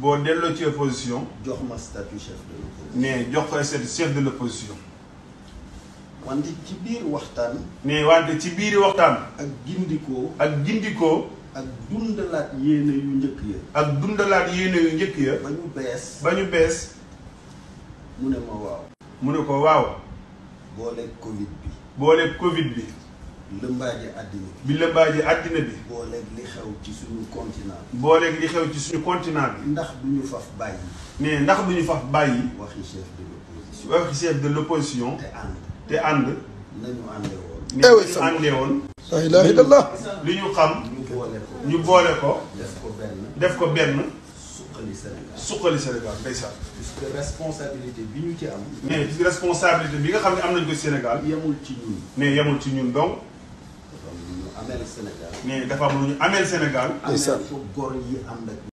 boo delloo ce position jox ma statut chef de position mais jox ko statut chef de l'opposition. wante ci biir waxtaan. mais wante ci biir waxtaan. ak gindikoo. ak gindikoo. ak dundalaat yéene yu njëkk ya. ak dundalaat yéene yu njëkk ya. ba ñu bees. ba ñu bees. mu ne ma waaw. mu ne ko waaw. booleeg Covid bi. booleeg Covid bi. lëmbaaje àddina bi. bi lëmbaaje àddina bi. booleeg li xew ci suñu continent bi. booleeg li xew ci suñu continent ndax bu ñu faf bàyyi. mais ndax bu ñu faf bàyyi. waxi chef de l'opposition. waxi chef de l'opposition. te ànd te ànd. nañu àndee woon. teewul eh eh sax woon. la ilaha li ñu xam. ñu boole ko ñu boole ko. def ko benn. def ko benn. suqali Sénégal suqali Sénégal ndeysaan. puisque responsabilité bi ñu ci am. mais responsabilité bi nga xam ne am nañ ko Sénégal. yemul ci ñun. mais yemul ci ñun donc. dafa am lu ñu ameel Sénégal. dafa am lu ñu ameel Sénégal. ameel ko am nag.